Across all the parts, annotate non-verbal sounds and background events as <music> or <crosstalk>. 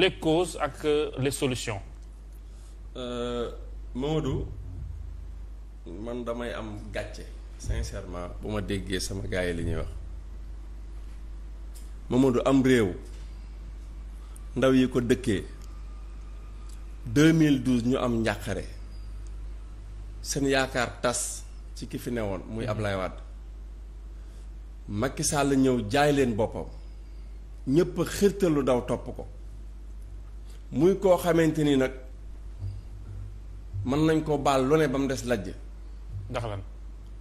les causes ak euh, les solutions. Euh, Mamadou man damay am gàcce sincèrement bu ma déggee sama gars yi li ñuy wax Mamadou am réew ndaw yi ko dëkkee 2012 ñu am njàqare seen yaakaar tas ci ki fi newoon muy mhm. Ablaye Wade Macky Sall ñëw jaay leen boppam ñëpp xirtalu daw topp ko. muy koo xamante ni nag mën nañ koo baal lu ne ba mu des lajj ndax lan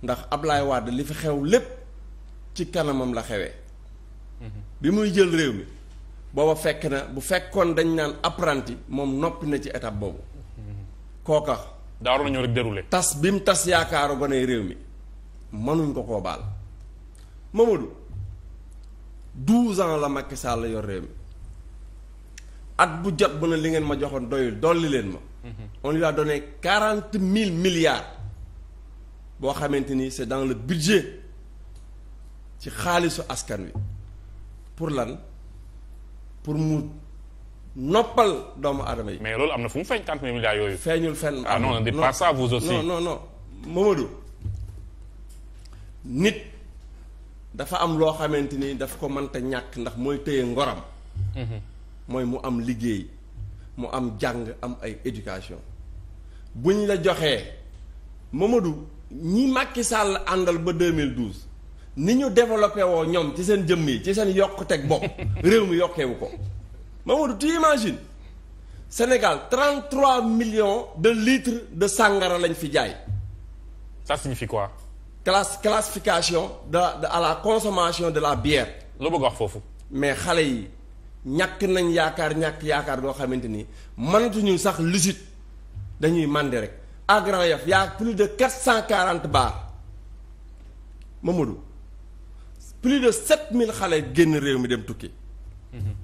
ndax Ablaye Wade li fi xew lépp ci kanamam la xewee mhm. bi muy jël réew mi booba fekk na bu fekkoon dañ naan apprenti moom noppi na ci étape boobu mhm. kooka daa waroon ñëw tas bi mu tas yaakaaru gone réew mi mënuñ ko koo baal Mamadou douze ans la Macky Sall yor réew mi at bu jot mën a li ngeen ma joxoon doyul dolli leen ma. on lui a donné quarante mille milliards boo xamante ni c'est dans le budget ci xaalisu askan wi pour lan pour mu noppal doomu aadama yi. mais loolu am na fu mu feeñ quarante mille yooyu. feeñul fenn ah non non pas ça vous nit dafa am loo xamante ni daf ko mënta ñàkk ndax mooy téye ngoram. Mhm. mooy mu am liggéey mu am jàng am ay éducation bu ñu la joxee Mamadou ñi Macky Sall àndal ba 2012 ni ñu développé woo ñoom ci seen jëmm yi ci seen yokkuteg bopp <laughs> réew mi yokkeewu ko Mamadou tu imagines Sénégal 33 millions de litres de sangara lañ fi jaay. ça signifie quoi. classe classification de, de à la consommation de la bière. loo bëgg wax foofu. mais xale yi. ñàkk nañ yaakaar ñàkk yaakaar goo xamante ni mënatuñu sax lucide dañuy màndi rek à Grand Yoff y a plus de quatre cent quarante bars Mamadou plus de sept mille xale génn réew mi dem tukki mm-hmm.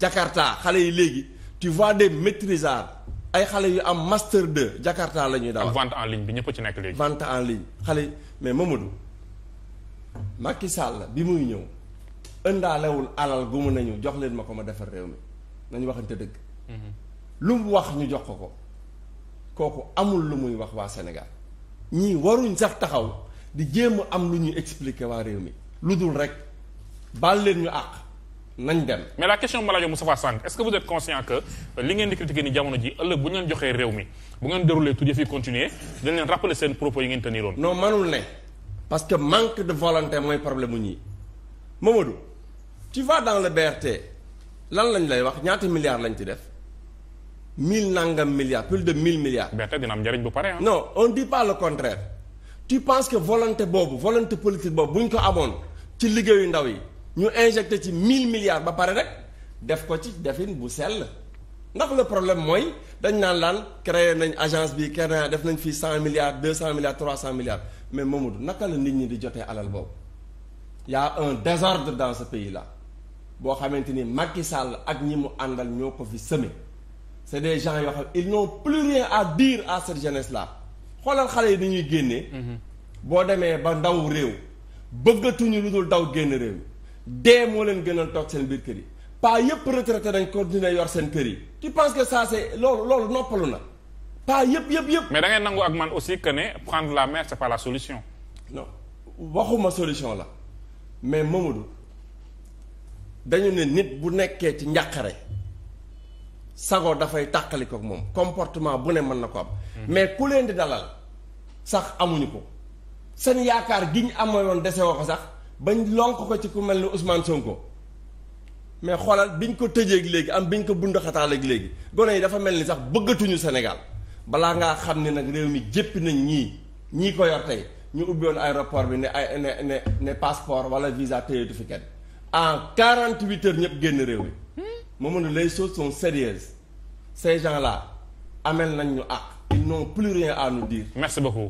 Jakarta xale yi léegi tu vois de maîtrisards ay xale yu am master 2 Jakarta la ñuy dawal. vente en ligne bi ñëpp ci nekk léegi. vente en ligne xale yi mais Mamadou Macky Sall bi muy ñëw. ëndaalewul alal gu mu nañu jox leen ma ko ma defar réew mi nañu waxante dëgg mhm. lu mu wax ñu jox ko ko kooku amul lu muy wax waa Sénégal ñii waruñ sax taxaw di jéem a am lu ñuy expliquer waa réew mi lu dul rek baal leen ñu àq nañ dem mais la question ma laajoon Moustapha Sànq est-ce que vous êtes conscient que li ngeen di critiquer ni jamono ji ëllëg bu ñu leen joxee réew mi bu ngeen déroulé tout yëf yi continuer dañ leen rappeler seen propos yi ngeen teniroon non manul ne parce que manque de volonté mooy problème mu ñii Mamadou tu vas dans le BRT lan lañ lay wax ñaati milliards lañ ci def mille nangam milliards plus de mille milliards. BRT dina am njëriñ bu pare non on dit pas le contraire tu penses que volonté boobu volante politique boobu bu ñu ko amoon ci liggéeyu ndaw yi ñu injecté ci mille milliards ba pare rek def ko ci defin bu sell ndax la problème mooy dañ naan laan créer nañ agence bi créer def nañ fii cent milliards deux cent milliards trois cent milliards mais moom Mamadou naka la nit ñi di jotee alal boobu y un désordre dans ce pays là. boo xamante ni Macky Sall ak ñi mu àndal ñoo ko fi semé c'est des gens yoo xam ils n'ont plus rien à dire à cette jeunesse là xoolal xale yi ni ñuy génnee mm-hmm. boo demee ba ndaw réew bëggatuñu lu dul daw génn réew dee moo leen gënal toog seen biir kër yi pas yëpp nañ dañ continuer yor seen kër yi ki penses que ça c'est loolu loolu noppalu na pas yëpp yëpp yëpp mais da ngay nangu ak man aussi que ne prendre la mer c'est pas la solution non waxuma solution la mais Mamadou dañu ne nit bu nekkee ci njàqare sago dafay tàqali ko moom comportement bu ne mën na ko am mhm. mais ku leen di dalal sax amuñu ko seen yaakaar gi ñu amoon dese woo ko sax bañ lonk ko ci ku mel ni Ousmane ko mais xoolal biñ ko tëjeeg léegi am biñ ko bundaxataaleeg léegi gone yi dafa mel ni sax bëggatuñu Sénégal balaa ngaa xam ne nag réew mi jéppi nañ ñii ñii ko yor tey ñu ubbi woon aéroport bi ne ay ne ne ne passeport wala visa téyeetu fi kenn en quarante huit heures génn réew mi moom ne les choses sont sérieuses ces gens là amel nañ ñu àq non n'ont plus rien à nous dire merci beaucoup